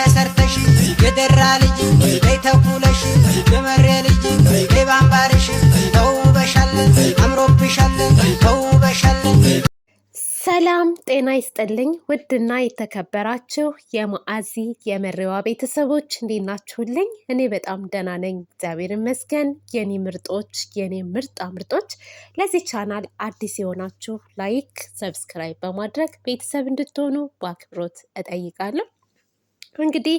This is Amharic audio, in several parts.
ተሰርተሽ የደራ ልጅ ተኩለሽ የመሬ ልጅ በይ ባምባርሽ ተውበሻለን አምሮብሻለን ሰላም ጤና ይስጥልኝ። ውድና የተከበራችሁ የማዓዚ የመሪዋ ቤተሰቦች እንዴት ናችሁልኝ? እኔ በጣም ደህና ነኝ፣ እግዚአብሔር ይመስገን። የኔ ምርጦች፣ የኔ ምርጣ ምርጦች፣ ለዚህ ቻናል አዲስ የሆናችሁ ላይክ፣ ሰብስክራይብ በማድረግ ቤተሰብ እንድትሆኑ በአክብሮት እጠይቃለሁ። እንግዲህ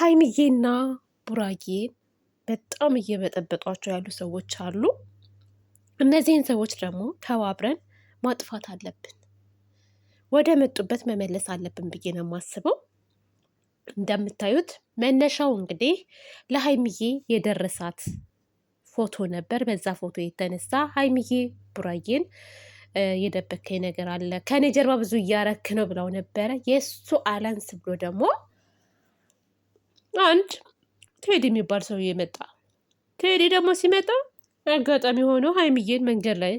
ሀይሚዬና ቡራጌ በጣም እየበጠበጧቸው ያሉ ሰዎች አሉ። እነዚህን ሰዎች ደግሞ ተባብረን ማጥፋት አለብን፣ ወደ መጡበት መመለስ አለብን ብዬ ነው የማስበው። እንደምታዩት መነሻው እንግዲህ ለሀይሚዬ የደረሳት ፎቶ ነበር። በዛ ፎቶ የተነሳ ሀይሚዬ ቡራዬን የደበከኝ ነገር አለ ከኔ ጀርባ ብዙ እያረክ ነው ብለው ነበረ። የእሱ አላንስ ብሎ ደግሞ አንድ ቴዲ የሚባል ሰውዬ መጣ። ቴዲ ደግሞ ሲመጣ አጋጣሚ ሆኖ ሀይሚዬን መንገድ ላይ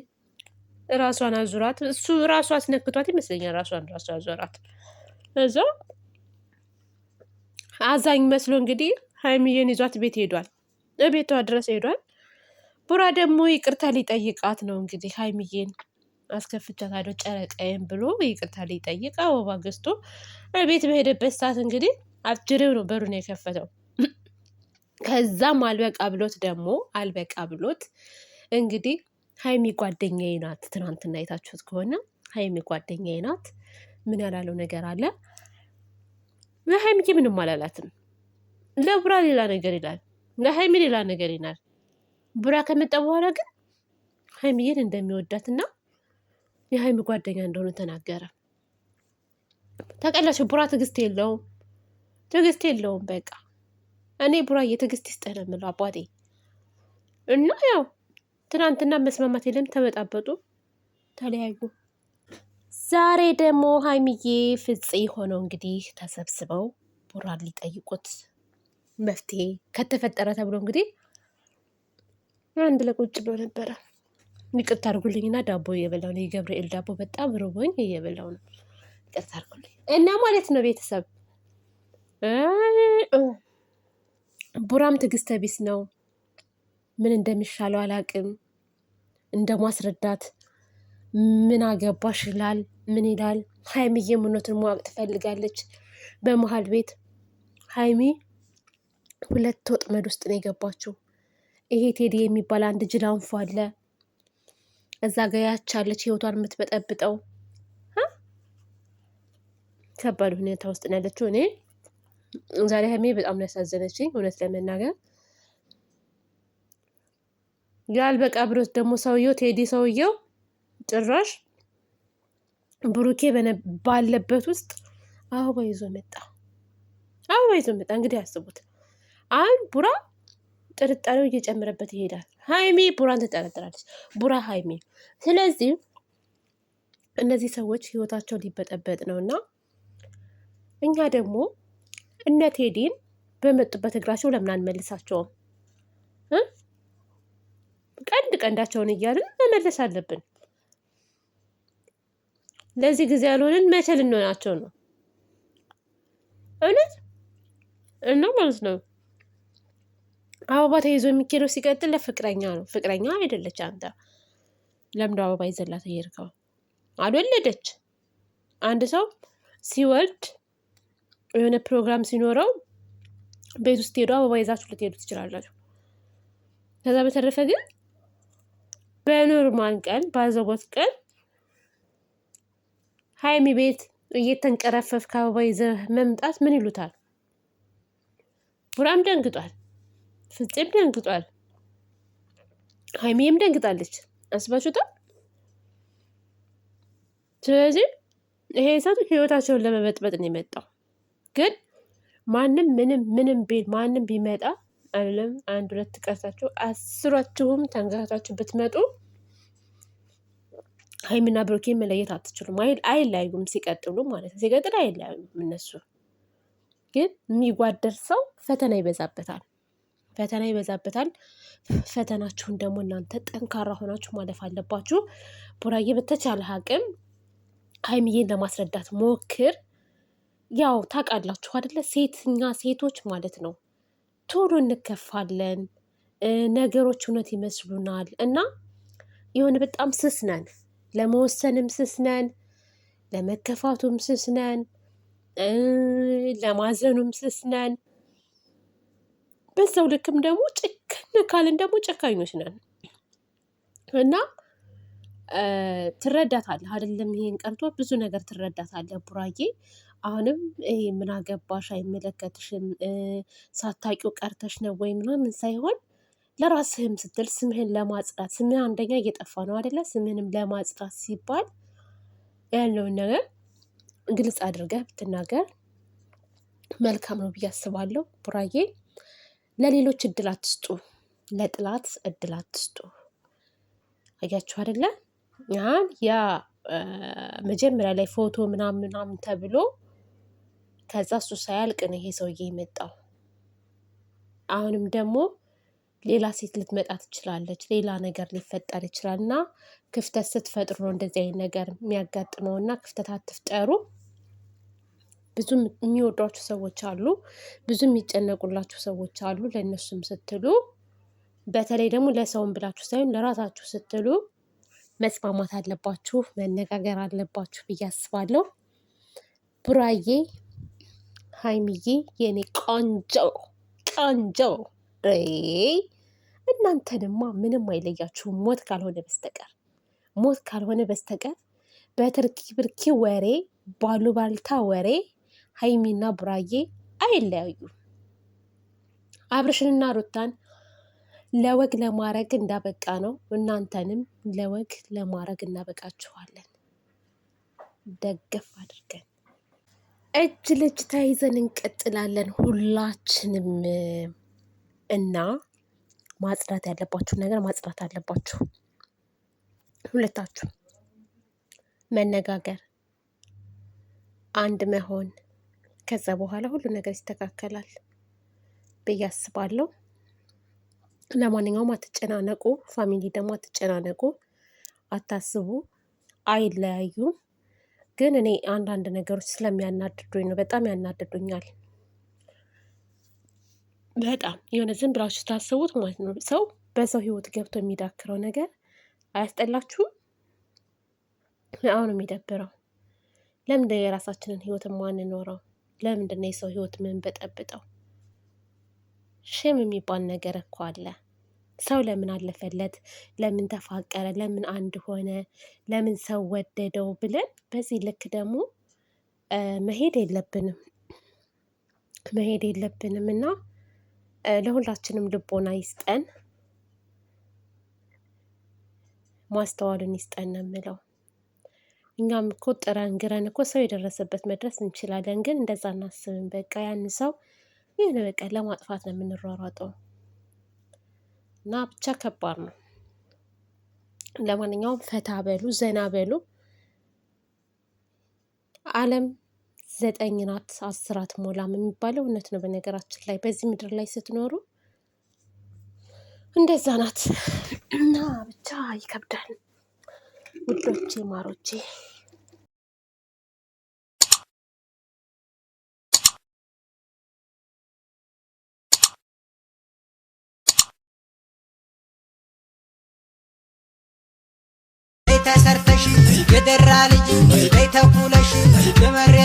ራሷን አዙራት፣ እሱ ራሷ አስነክቷት ይመስለኛል። ራሷን ራሷ አዙራት። እዛ አዛኝ መስሎ እንግዲህ ሀይሚዬን ይዟት ቤት ሄዷል። ቤቷ ድረስ ሄዷል። ቡራ ደግሞ ይቅርታ ሊጠይቃት ነው እንግዲህ ሀይሚዬን አስከፍቻታለሁ ጨረቃዬን ብሎ ይቅርታ ሊጠይቅ አበባ ገዝቶ ቤት በሄደበት ሰዓት እንግዲህ አጅሬው ነው በሩን የከፈተው። ከዛም አልበቃ ብሎት ደግሞ አልበቃ ብሎት እንግዲህ ሀይሚ ጓደኛዬ ናት። ትናንትና የታችሁት ከሆነ ሀይሚ ጓደኛዬ ናት። ምን ያላለው ነገር አለ። ለሀይሚዬ ምንም አላላትም። ለቡራ ሌላ ነገር ይላል፣ ለሀይሚ ሌላ ነገር ይላል። ቡራ ከመጣ በኋላ ግን ሀይሚዬን እንደሚወዳትና የሀይሚ ጓደኛ እንደሆነ ተናገረ። ተቀላቸው። ቡራ ትዕግስት የለውም። ትዕግስት የለውም። በቃ እኔ ቡራዬ ትዕግስት ይስጥህ ነው የምለው አባቴ። እና ያው ትናንትና መስማማት የለም ተበጣበጡ፣ ተለያዩ። ዛሬ ደግሞ ሀይሚዬ ፍፄ ሆነው እንግዲህ ተሰብስበው ቡራን ሊጠይቁት መፍትሄ ከተፈጠረ ተብሎ እንግዲህ አንድ ለቁጭ ቁጭ ብሎ ነበረ። ይቅርታ አድርጉልኝና ዳቦ እየበላው ነው። የገብርኤል ዳቦ በጣም ርቦኝ እየበላው ነው። ይቅርታ አድርጉልኝ እና ማለት ነው ቤተሰብ ቡራም ትዕግስተ ቢስ ነው። ምን እንደሚሻለው አላቅም። እንደ ማስረዳት ምን አገባሽ ይላል፣ ምን ይላል። ሀይሚ የምኖትን ማወቅ ትፈልጋለች። በመሀል ቤት ሀይሚ ሁለት ወጥመድ ውስጥ ነው የገባችው። ይሄ ቴዲ የሚባል አንድ ጅላንፎ አንፎ አለ። እዛ ጋ ያቻለች ህይወቷን የምትበጠብጠው ከባድ ሁኔታ ውስጥ ነው ያለችው እኔ ዛሬ ሀይሜ በጣም ነው ያሳዘነችኝ እውነት ለመናገር ያልበቃ ብሎት ደግሞ ሰውየው ቴዲ ሰውየው ጭራሽ ብሩኬ ባለበት ውስጥ አበባ ይዞ መጣ። አበባ ይዞ መጣ። እንግዲህ አስቡት። አሁን ቡራ ጥርጣሬው እየጨመረበት ይሄዳል። ሀይሜ ቡራን ትጠረጥራለች፣ ቡራ ሀይሜ። ስለዚህ እነዚህ ሰዎች ህይወታቸው ሊበጠበጥ ነው እና እኛ ደግሞ እነ ቴዲን በመጡበት እግራቸው ለምን አንመልሳቸውም? ቀንድ ቀንዳቸውን እያልን መመለስ አለብን። ለዚህ ጊዜ ያልሆንን መቼ ልንሆናቸው ነው? እውነት እና ማለት ነው አበባ ተይዞ የሚኬደው ሲቀጥል ለፍቅረኛ ነው። ፍቅረኛ አይደለች። አንተ ለምዶ አበባ ይዘላት እየሄድከው አልወለደች። አንድ ሰው ሲወልድ የሆነ ፕሮግራም ሲኖረው ቤት ውስጥ ሄዱ አበባ ይዛችሁ ልትሄዱ ትችላላችሁ። ከዛ በተረፈ ግን በኖርማል ቀን ባዘቦት ቀን ሀይሚ ቤት እየተንቀረፈፍ ከአበባ ይዘህ መምጣት ምን ይሉታል? ቡራም ደንግጧል፣ ፍፄም ደንግጧል፣ ሀይሚም ደንግጣለች። አስባችሁታል? ስለዚህ ይሄ ሰው ህይወታቸውን ለመበጥበጥ ነው የመጣው። ግን ማንም ምንም ምንም ቢል ማንም ቢመጣ አይደለም አንድ ሁለት ቀርታችሁ አስሯችሁም ተንገታታችሁ ብትመጡ ሀይሚና ብሩኬ መለየት አትችሉም። አይለያዩም፣ ሲቀጥሉ ማለት ነው። ሲቀጥል አይለያዩም። እነሱ ግን የሚጓደር ሰው ፈተና ይበዛበታል፣ ፈተና ይበዛበታል። ፈተናችሁን ደግሞ እናንተ ጠንካራ ሆናችሁ ማለፍ አለባችሁ። ቡራዬ በተቻለ አቅም ሀይሚዬን ለማስረዳት ሞክር። ያው ታውቃላችሁ አደለ? ሴትኛ ሴቶች ማለት ነው ቶሎ እንከፋለን፣ ነገሮች እውነት ይመስሉናል እና የሆነ በጣም ስስነን፣ ለመወሰንም ስስነን፣ ለመከፋቱም ስስነን፣ ለማዘኑም ስስነን። በዛው ልክም ደግሞ ጭክን ካልን ደግሞ ጨካኞች ነን እና ትረዳታለህ አይደለም? ይሄን ቀርቶ ብዙ ነገር ትረዳታለህ ቡራዬ አሁንም ምን አገባሽ አይመለከትሽም፣ ሳታቂው ቀርተሽ ነው ወይ ምናምን ሳይሆን ለራስህም ስትል ስምህን ለማጽዳት ስምህ አንደኛ እየጠፋ ነው አደለ? ስምህንም ለማጽዳት ሲባል ያለውን ነገር ግልጽ አድርገህ ብትናገር መልካም ነው ብዬ አስባለሁ። ቡራዬ ለሌሎች እድል አትስጡ፣ ለጥላት እድል አትስጡ። አያችሁ አደለ? ያ መጀመሪያ ላይ ፎቶ ምናምን ምናምን ተብሎ ከዛ እሱ ሳያልቅ ነው ይሄ ሰውዬ የመጣው። አሁንም ደግሞ ሌላ ሴት ልትመጣ ትችላለች፣ ሌላ ነገር ሊፈጠር ይችላል እና ክፍተት ስትፈጥሩ ነው እንደዚህ አይነት ነገር የሚያጋጥመው እና ክፍተት አትፍጠሩ። ብዙ የሚወዷችሁ ሰዎች አሉ፣ ብዙ የሚጨነቁላችሁ ሰዎች አሉ። ለእነሱም ስትሉ በተለይ ደግሞ ለሰውም ብላችሁ ሳይሆን ለራሳችሁ ስትሉ መስማማት አለባችሁ፣ መነጋገር አለባችሁ ብዬ አስባለሁ ቡራዬ ሀይሚዬ የኔ ቆንጆ ቆንጆ እናንተ ምንም አይለያችሁም፣ ሞት ካልሆነ በስተቀር ሞት ካልሆነ በስተቀር በትርኪ ብርኪ ወሬ ባሉባልታ ወሬ ሀይሚና ቡራዬ አይለያዩም። አብርሽንና ሩታን ለወግ ለማድረግ እንዳበቃ ነው፣ እናንተንም ለወግ ለማድረግ እናበቃችኋለን። ደገፍ አድርገን እጅ ለእጅ ተያይዘን እንቀጥላለን ሁላችንም። እና ማጽዳት ያለባችሁ ነገር ማጽዳት አለባችሁ። ሁለታችሁ መነጋገር፣ አንድ መሆን፣ ከዛ በኋላ ሁሉ ነገር ይስተካከላል ብዬ አስባለሁ። ለማንኛውም አትጨናነቁ፣ ፋሚሊ ደግሞ አትጨናነቁ፣ አታስቡ፣ አይለያዩም። ግን እኔ አንዳንድ ነገሮች ስለሚያናድዱኝ ነው። በጣም ያናድዱኛል። በጣም የሆነ ዝም ብላችሁ ስታስቡት ማለት ነው ሰው በሰው ህይወት ገብቶ የሚዳክረው ነገር አያስጠላችሁም? አሁን የሚደብረው። ለምንድነው የራሳችንን ህይወት ማንኖረው? ለምንድነው የሰው ህይወት ምን በጠብጠው? ሽም የሚባል ነገር እኮ አለ። ሰው ለምን አለፈለት፣ ለምን ተፋቀረ፣ ለምን አንድ ሆነ፣ ለምን ሰው ወደደው ብለን በዚህ ልክ ደግሞ መሄድ የለብንም መሄድ የለብንም እና ለሁላችንም ልቦና ይስጠን፣ ማስተዋልን ይስጠን ነው የምለው። እኛም እኮ ጥረን ግረን እኮ ሰው የደረሰበት መድረስ እንችላለን፣ ግን እንደዛ እናስብን። በቃ ያን ሰው ይህን በቃ ለማጥፋት ነው የምንሯሯጠው። እና ብቻ ከባድ ነው። ለማንኛውም ፈታ በሉ ዘና በሉ። ዓለም ዘጠኝ ናት አስራት ሞላም የሚባለው እውነት ነው። በነገራችን ላይ በዚህ ምድር ላይ ስትኖሩ እንደዛ ናት እና ብቻ ይከብዳል። ውዶቼ ማሮቼ ተሰርተሽ የደራ ልጅ በይተኩለሽ ልመሬ